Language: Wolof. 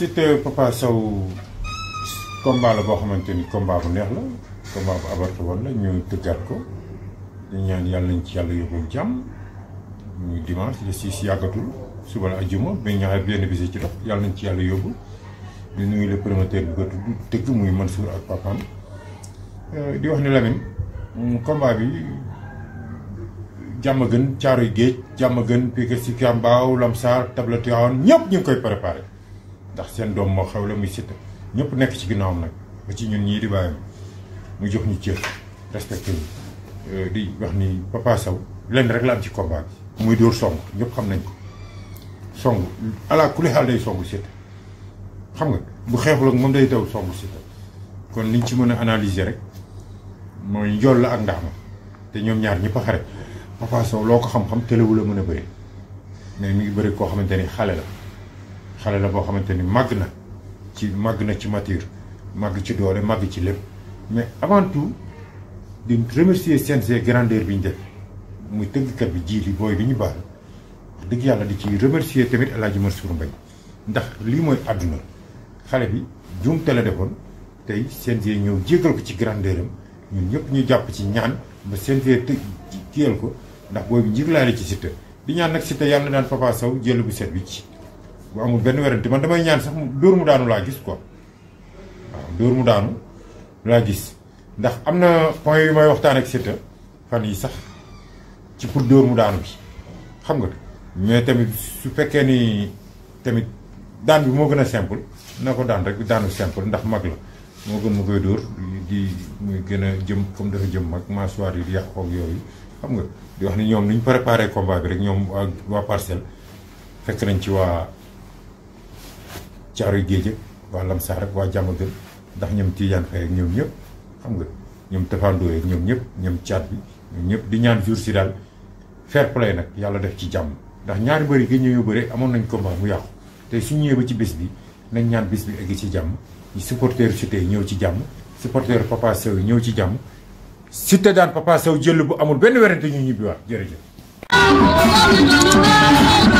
Siteu Papa Sow combat la boo xamante ni combat bu neex la combat bu abartu woon la ñu tëggaat ko ñu ñaan yàlla nañ ci yàlla yóbbu jàmm muy dimanche le 6 yàggatul suba la ajjuma bi ñaxee benn bisi ci dox yàlla nañ ci yàlla yóbbu di nuyu le promoteur bu gëtu du tëgg muy Mansour ak papam euh, di wax ne Lamine mm, combat bi jàmm gën caaroy géej jàmm gën pique si Kambaaw Lamsaar tabla Tiwaawan ñëpp ñu koy préparé ndax seen doom moo xew la muy Siteu ñëpp nekk ci ginnaawam nag ba ci ñun ñii di bàyyam mu jox ñu cër respecté ñu euh, di wax ni Papa Sow lenn rek la am ci combat muy dóor song ñëpp xam nañ ko song ala kulli xaal day songu Siteu xam nga bu xeexul ak moom day daw songu Siteu kon liñ ci mën a analyser rek mooy njool la ak ndax ma te ñoom ñaar ñëpp a xare Papa Sow loo ko xam-xam tëlewul a mën a bëri mais mi ngi bëri koo xamante ni xale la. xale la boo xamante ni màgg na ci màgg na ci mature màgg ci doole màgg ci lépp mais avant tout di remercier CNG grandeur bi ñu def muy tëggkat bi ji li booy bi ñu baal dëgg yàlla di ci remercier tamit El Hadj Mansour Mbaye ndax lii mooy àdduna xale bi juumte la defoon tey CNG ñëw jéggal ko ci grandeur am ñun ñëpp ñu jàpp ci ñaan ba CNG të kiyal ko ndax booy bi njëglaale ci Siteu di ñaan nag Siteu yàlla daan Papa Sow jël bu set bi ci. bu amul benn werante man damay ñaan sax dóor mu daanu laa gis quoi waaw mu daanu laa gis ndax am na point yu may waxtaan ak Siteu fan yi sax ci pour dóor mu daanu bi xam nga mais tamit su fekkee ni tamit daan bi moo gën a simple na ko daan rek daanu simple ndax mag la moo gën mu koy dóor di muy gën a jëm comme dafa jëm mag masuwaar yi di yàq koog yooyu xam nga di wax ni ñoom ni ñu préparé combat bi rek ñoom waa waa parcelle fekk nañ ci waa. Caaroy Géej ak waa Lamsaar ak waa Diamaguène ndax ñoom Tidiane Faye ak ñoom ñëpp xam nga ñoom Tafandoo ak ñoom ñëpp ñoom caat bi ñoom ñëpp di ñaan jour si daal fair play nag yàlla def ci jàmm ndax ñaari bëri ñëw ñëwee bëre amoon nañ combat mu yàqu te suñu ñëwee ba ci bis bi nañ ñaan bés bi egg ci jàmm ñu supporter Siteu ñëw ci jàmm supporter Papa yi ñëw ci jàmm Siteu daan Papa sew jël bu amul benn werante ñu ñibbi ñibbiwaat jërëjëf.